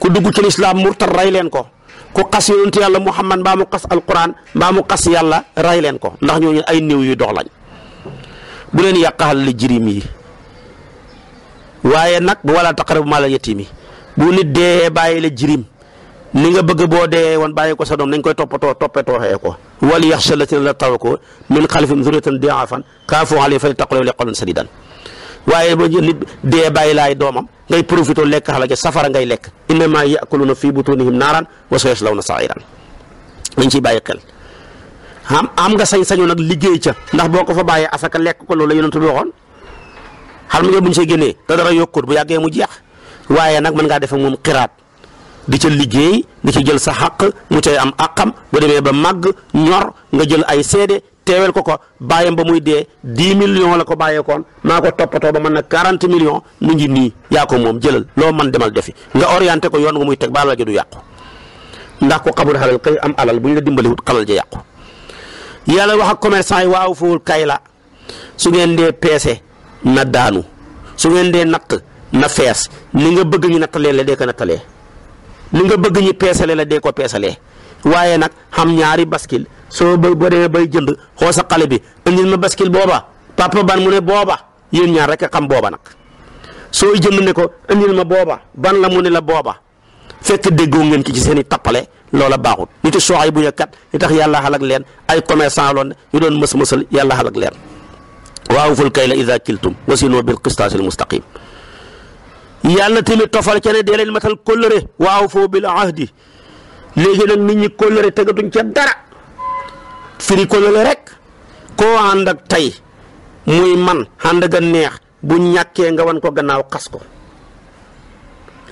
ku dugg ci lislaam murtar ray leen ko ku xas yonentu yàlla muhammad mbaa mu xas alquran mbaa mu xas yàlla rey leen ko ndax ñooñu ay néew yu dox lañ bu leen yàqaxal li jirim yi waaye nag bu wala taqrabu maala yatiimi bu nit dee bàyyi la jirim ni nga bëgg boo dee woon bàyyi ko sa doom nañ koy toppatoo toppatoo xee ko waliyaxsha allaziina la tawako min xalfihim zurriyatan di'aafan xaafuu alayhim falyattaqu llaaha wa yaqulu qawlan sadiidan waaye ba nit dee bàyyi laay doomam ngay profité lekk xalaat safara ngay lekk innamaa ya'kuluuna fii butuunihim naaran wa sayaslawna sa'iiran dañ ciy bàyyi xel. am am nga sañ-sañu nag liggéey ca ndax boo ko fa bàyyee asaka lekk ko loolu la yonent bi waxoon xam nga buñ see génnee te dara yokkut bu yàggee mu jeex waaye nag mën ngaa def mu moom xiraat di ca liggéey di ca jël sa xàq mu cay am àqam bu demee ba màgg ñor nga jël ay seede teeweel ko ko bàyyam ba muy dee dix million la ko bàyyeekoon maa ko toppatoo ba mën na quarante million mu ngi nii yaa ko moom jëlal loo man demal defi nga orienté ko yoon nga muy teg ba alal ja du yàqu ndax ko xamul xalal kay am alal bu ñu la dimbaliwut xalal ja yàqu yàlla wax ak commerçant yi waaw fowul kay la su ngeen dee peese na daanu su ngeen dee natt na fees ni nga bëgg ñu nattalee la dee ko nattalee li nga bëgg ñi peesale la dee ko peesalee waaye nag xam ñaari baskil soo bay boo demee bay jënd xoo sa xale bi indil ma baskil booba papa ban mu ne booba yéen ñaar rek a xam booba nag soo jënd ne ko indil ma booba ban la mune la booba fekk déggoo ngeen ki ci seen i tappale loola baaxul niti sooxay bu ñu kat li tax yàlla xalak leen ay commerçant loon ñu doon mës-mësal yàlla xalak leen waaw ful kay la ida kiltum wasino bil qistaasil mustaqim yàlla tamit tofal ca ne dee leen matal kóllëre waaw foo bil ahdi léegi nag nit ñi kóllëre tegatuñ ca dara firi kóllëre rek koo ànd tey muy man ànd ga neex bu ñàkkee nga wan ko gannaaw xas ko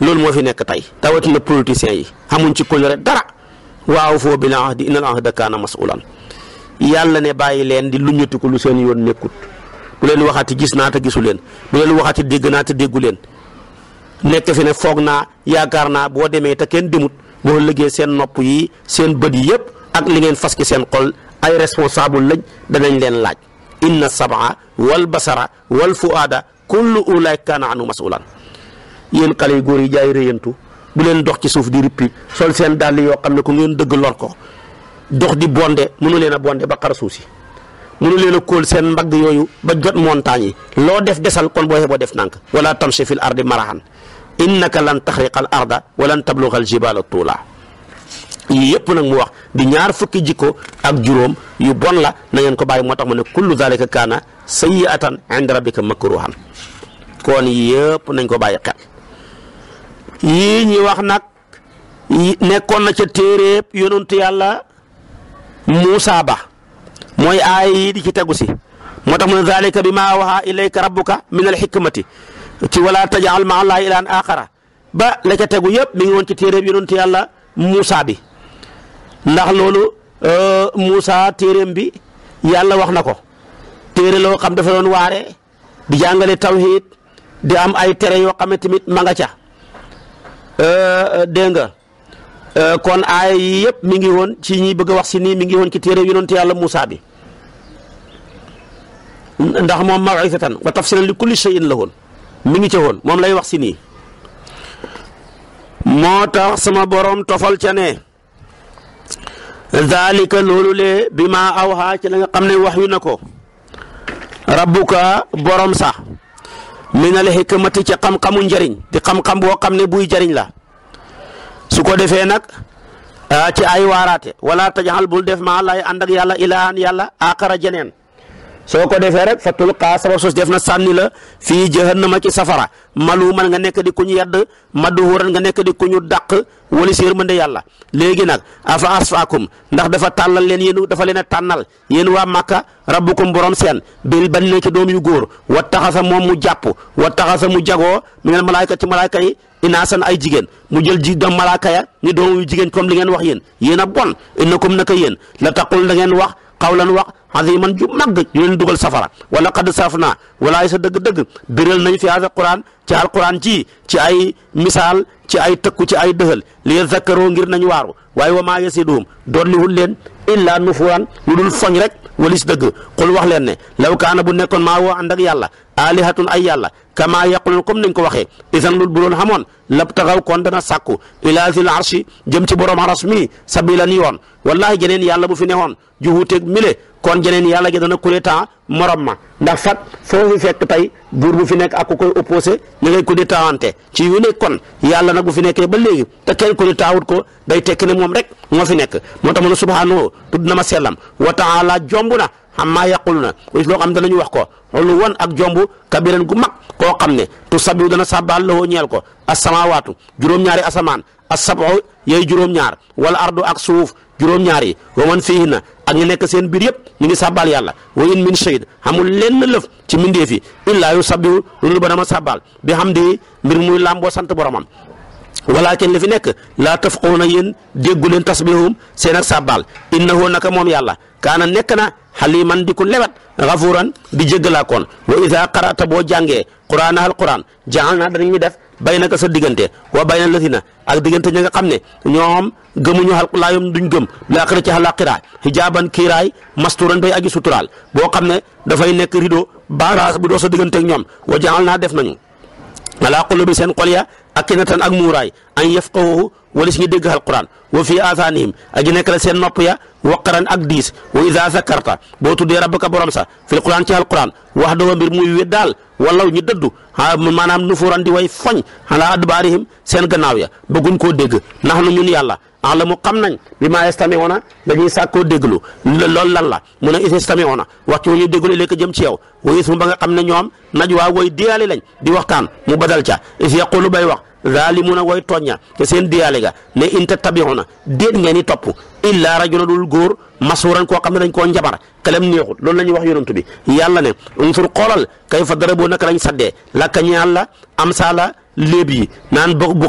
loolu moo fi nekk tey tawatina politiciens yi amuñ ci kóllëre dara waaw foo bil ahdi innal ahda kaana masulan yàlla ne bàyyi leen di luññati ko lu seen yoon nekkut bu leen waxati gis naa te gisu leen bu leen waxati dégg naa te déggu leen nekk fi ne foog naa yaakaar naa boo demee te kenn demut boo liggéey seen nopp yi seen bët yi yëpp ak li ngeen fas ci seen xol ay responsable lañ danañ leen laaj inna sabaa wal basara wal fuaada kullu ulay kaana anu masulan yéen xale yu góor yi jaay réyantu bu leen dox ci suuf di rippi sol seen dàll yoo xam ne ku ngeen dëgg lor ko dox di bonde mënu leen a bonde ba xar suuf si mënu leen a kóol seen mbagg yooyu ba jot montagne yi loo def desal kon boo xeboo def nànk wala tamshi fil ardi innaka lan taxriqa al arda wa lan al tuula yii yëpp nag mu wax di ñaar fukki jikko ak juróom yu bon la na ngeen ko bàyyi moo tax mu ne kullu kaana sayyi'atan inda rabbika makruhan kon yëpp nañ ko bàyyi xel yii ñi wax nag nekkoon na ca téeréeb yonentu yàlla Muusaa musaaba mooy aay yi di ci tegu si moo tax bi ma waxa ilayka rabbuka min al hikmati ci wala tajaal ma allahi ilaan axara ba la ca tegu yëpp mi ngi woon ci téeréem yonent yàlla Moussa bi ndax loolu euh, Moussa téeréem bi yàlla wax na ko téere loo xam dafa doon waare di jàngale tawhid di am ay tere yoo xam ne tamit ma nga ca euh, euh, dégg nga kon aay yi yëpp mi ngi woon ci ñi bëgg a wax si nii mi ngi woon ci téere ti yàlla Moussa bi ndax moom maw'izatan wa tafsilan li kulli shay'in la woon mi ngi ca woon moom lay wax si nii moo tax sama boroom tofal ca ne daalika loolu lee bi ma aw xaa ci la nga xam ne wax yu na ko rabbuka borom sa minal hikmati ci xam-xamu njëriñ di xam-xam boo xam ne buy jëriñ la su ko defee nag ci ay waaraate wala tajaxal bul def maa lay ànd ak yàlla ilahan yàlla akara jeneen soo ko defee rek fatul xaa sabab sos def na sànni la fii jahannama ci safara malu man nga nekk di ku ñu yedd madhuuran nga nekk di ku ñu dàq wala séer mën de yàlla léegi nag afa asfaakum ndax dafa tàllal leen yéen dafa leen a tànnal yéen waa màkka rabbukum borom seen bil ban ne ci doom yu góor wa taxasa moom mu jàpp wa taxasa mu jagoo mi ngeen malaayka ci malaayka yi inaasan ay jigéen mu jël ji dam malaaka ya ni doom jigéen comme li ngeen wax yéen yéen a bon innakum wax xawlan wax aziman ju màgg ñu leen dugal safara wala qad safna walaay sa dëgg-dëgg biral nañ fi haza quran ci alquran ci ci ay misaal ci ay tëkku ci ay dëxal li zakkaroo ngir nañ waaru waaye wa maa yasiduhum dolliwul leen illa nufuran lu dul foñ rek walis dëgg xul wax leen ne law kaana bu nekkoon maa wa ànd ak yàlla aalihatun ay yàlla kama yaqulun comme niñ ko waxee isan lul bu doon xamoon lab taxaw kon la sàkku arshi jëm ci borom aras mi sabilan yoon wallahi jeneen yàlla bu fi newoon ju wuuteeg mile kon jeneen yàlla gi dana coup d'état morom ma ndax fat foo fi fekk tey buur bu fi nekk ak ku koy opposé ñu ngay coup d'état ci yu ne kon yàlla nag bu fi nekkee ba léegi ta kenn coup d'état wut ko day tekki ne moom rek moo fi nekk moo tax mu ne subhaanahu tudd na ma sellam wa taala jomb na amma yaqul na loo xam danañu wax ko xolu won ak jomb kabiran gu mag koo xam ne tu sabiw dana sàbbaal la woo ñeel ko asamawaatu juróom-ñaari asamaan asab'u yooyu juróom-ñaar wala ardu ak suuf juróom-ñaar yi wa man fiihinna ak ñu nekk seen biir yëpp ñu ngi sàbbaal yàlla wa in min shayd amul lenn lëf ci mbindeef yi illaa yu sabbihu loolu ba dama sàbbaal bi hamdi mbir muy làmboo sant boromam walakin li fi nekk laa tafqahuuna yéen déggu leen tasbihum seen ak sàbbaal innahu naka moom yàlla kaana nekk na man di ku lewat gafuran di jéggalaakoon wa idaa qara'ta boo jàngee quraana al quraan jaal naa danañ ñu def bay ka sa diggante wa bay na lasina ak diggante ña nga xam ne ñoom gëmuñu xalqulaayum duñ gëm laaxira ci àllaaxira hijaaban kiiraay masturan bay aji suturaal boo xam ne dafay nekk rido baaraas bu doo sa diggante ak ñoom wa jaal def nañu alaa qulubi seen xol ya ak kinatan ak muuraay an yafqahu wala si ñu dégg alquran wa fi asaanihim aji nekk seen nopp ya waqaran ak diis wa ida zakarta boo tuddee rabbaka borom sa fil quran ci alquran wax doo mbir muy wét daal walaw ñu dëddu mu maanaam nufuran di way foñ ala adbaarihim seen gannaaw ya bëgguñ koo dégg ndax nu ñun yàlla ala mu xam nañ bi ma yastami'una dañuy sàkkoo déglu loolu lan la mu ne is yastami'una waxtu wu ñu déglu ilayka jëm ci yow wa is mu ba nga na ñoom najwaa way diyaali di waxtaan mu badal ca is bay wax zalimuna way tooña te seen diyaale ga ne in tattabi'una déet ngeen i topp illa rajulan dul góor masuuran koo xam ne dañ koo njabar kalam neexul loolu la ñuy wax yonent bi yàlla ne unsur xoolal kay fa dara boo naka lañ saddee lakka ñaan la am saala léeb yi naan bu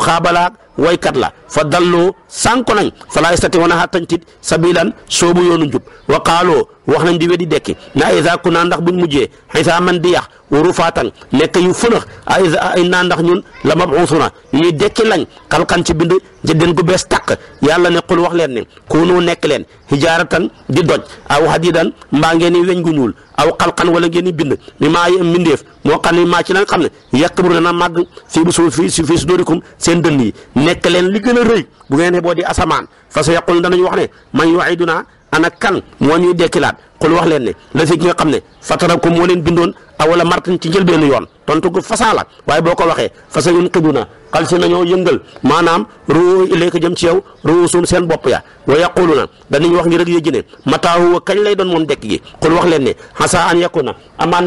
waykat la fa dalloo sànko nañ fa laa yastati'uuna xàttantit sabilan soobu yoonu njub wa qaaloo wax nañ di wedi dekki na iza kunna ndax bu buñ mujjee xisaaman di yax wa rufaatan nekk yu fënax a iza inna ndax ñun la mabuusuna ñuy dekki lañ xalqan ci bind jëddeen gu bees tàq yàlla nekkool wax leen ne kuunu nekk leen tan di doj aw hadidan mbaa ngeen i weñ gu ñuul aw xalqan wala ngeen i bind mi maa yi mbindeef moo xam ne maa ci la xam ne yakbur dana màgg fii bu su fii seen dënn yi nekk leen li a rëy bu ngeen ne boo di asamaan fa sa yaqul danañ wax ne man yuiduna ana kan moo ñuy dekkilaat xul wax leen ne la fi nga xam ne fatara ko moo leen bindoon awala martin ci njëlbeenu yoon tontu ko fasaa la waaye boo ko waxee fasa yun xiduna xal si nañoo yëngal maanaam ruu ilayka jëm ci yow ruusum seen bopp ya wa yaquluna danañ wax ngir ak yëji ne mataahu kañ lay doon moom dekk gi xul wax leen ne xasa an yakuna amaan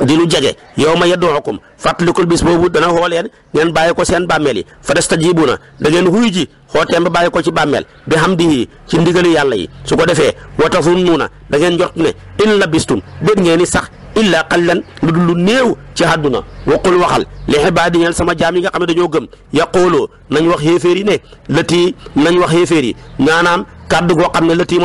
di lu jege yow ma yadduukum fàttalikul bis boobu dana xoo leen ngeen bàyyi ko seen bàmmeel yi fa tastajibuuna da ngeen xuy ji xooteem ba bàyyi ko ci bàmmeel bi hamdihi ci ndigali yàlla yi su ko defee wa tazunnuuna da ngeen njort ne in labistum déet ngeen ni sax illa qallan lu dul lu néew ci àdduna wa qul waxal li ibaadi ñeel sama jaam yi nga xam dañoo gëm yaqooloo nañ wax xéeféer ne lati nañ wax xéeféer yi maanaam kàddu goo xam ne lati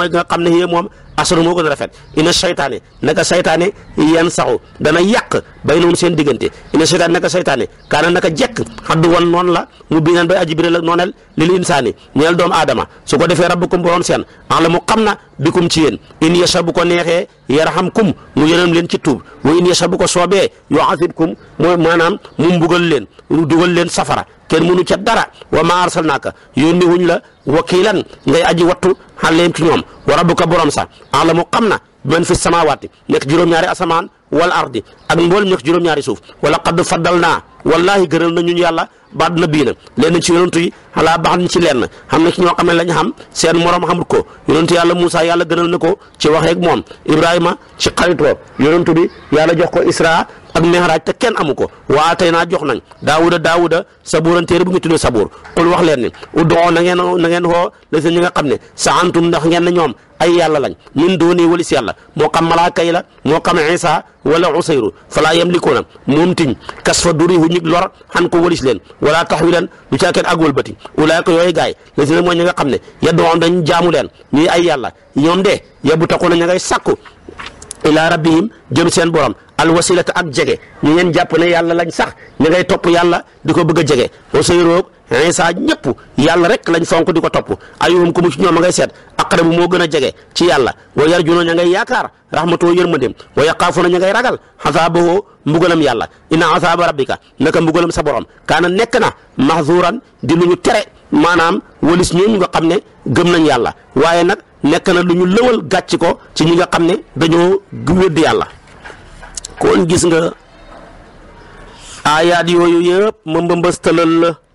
asanu moo ko a rafet ina seytaane naka seytaane yan saxu dana yàq bay noonu seen diggante ina seytaane naka seytaane kaana naka jekk xaddu wan noonu la mu bii naan bay aji biral ak nooneel lil insaani ñeel doomu aadama su ko defee rabbukum boroom seen ala mu xam na bikum ci yéen in yasha bu ko neexee yarhamkum mu yërëm leen ci tuub wa in yasha bu ko soobee yu'adhibkum mooy maanaam mu mbugal leen dugal leen safara kenn mënu ca dara wa maa arsalnaaka yónni wuñ la wakiilan ngay aji wattu xaleem ci ñoom wa rabbuka borom sa alamu xam na man fi samawaati nekk juróom-ñaari asamaan wal ardi ak mbool mboolem nekk juróom-ñaari suuf wala qad faddal naa wallahi gëral na ñun yàlla baat na bii na lenn ci yonantu yi xalaa baax nañ ci lenn xam na ci ñoo xam ne lañ xam seen morom xamul ko yonantu yàlla Moussa yàlla gënal na ko ci wax rek moom Ibrahima ci xarit wo yonantu bi yàlla Isra ak mihraaj te kenn amu ko waa tey naa jox nañ daawuda daawuda sabuuran téere bu ñu tuddee sabuur xul wax leen ni udoo na ngeen na ngeen woo la seen ñi nga xam ne saantum ndax ngeen ne ñoom ay yàlla lañ min dooni walis yàlla moo xam malaaka yi la moo xam isa wala usayru falaa yamlikuuna moom tiñ kas fa duri hu ñig lor xan ko walis leen walaa wala taxwilan du caa kenn ak wëlbati ulaayka yooyu gaay la seen mooy ñi nga xam ne ya doon dañ jaamu leen ñii ay yàlla ñoom de ya bu taxu na ña ngay sàkku ilaa rabbihim jëm seen borom alwasilata ak jege ñu ngeen jàpp ne yàlla lañ sax ñu ngay topp yàlla di ko bëgg a jege Useyroog Iisaa ñëpp yàlla rek lañ fonk di ko topp ayuhum ku mu ci ñoom a ngay seet aqrabu moo gën a jege ci yàlla wa yarjuna ña ngay yaakaar rahmatoo yërmandeem wa yaqaafuna ña ngay ragal xasaabahoo mbugalam yàlla inna asaaba rabbika naka mbugalam sa borom kaana nekk na mahzuran di lu ñu tere maanaam walis ñooñu nga xam ne gëm nañ yàlla nekk na lu ñu lëwal gàcc ko ci ñi nga xam ne dañoo wédd yàlla kon gis nga aayaat yooyu yëpp ma mbëmbëstalal la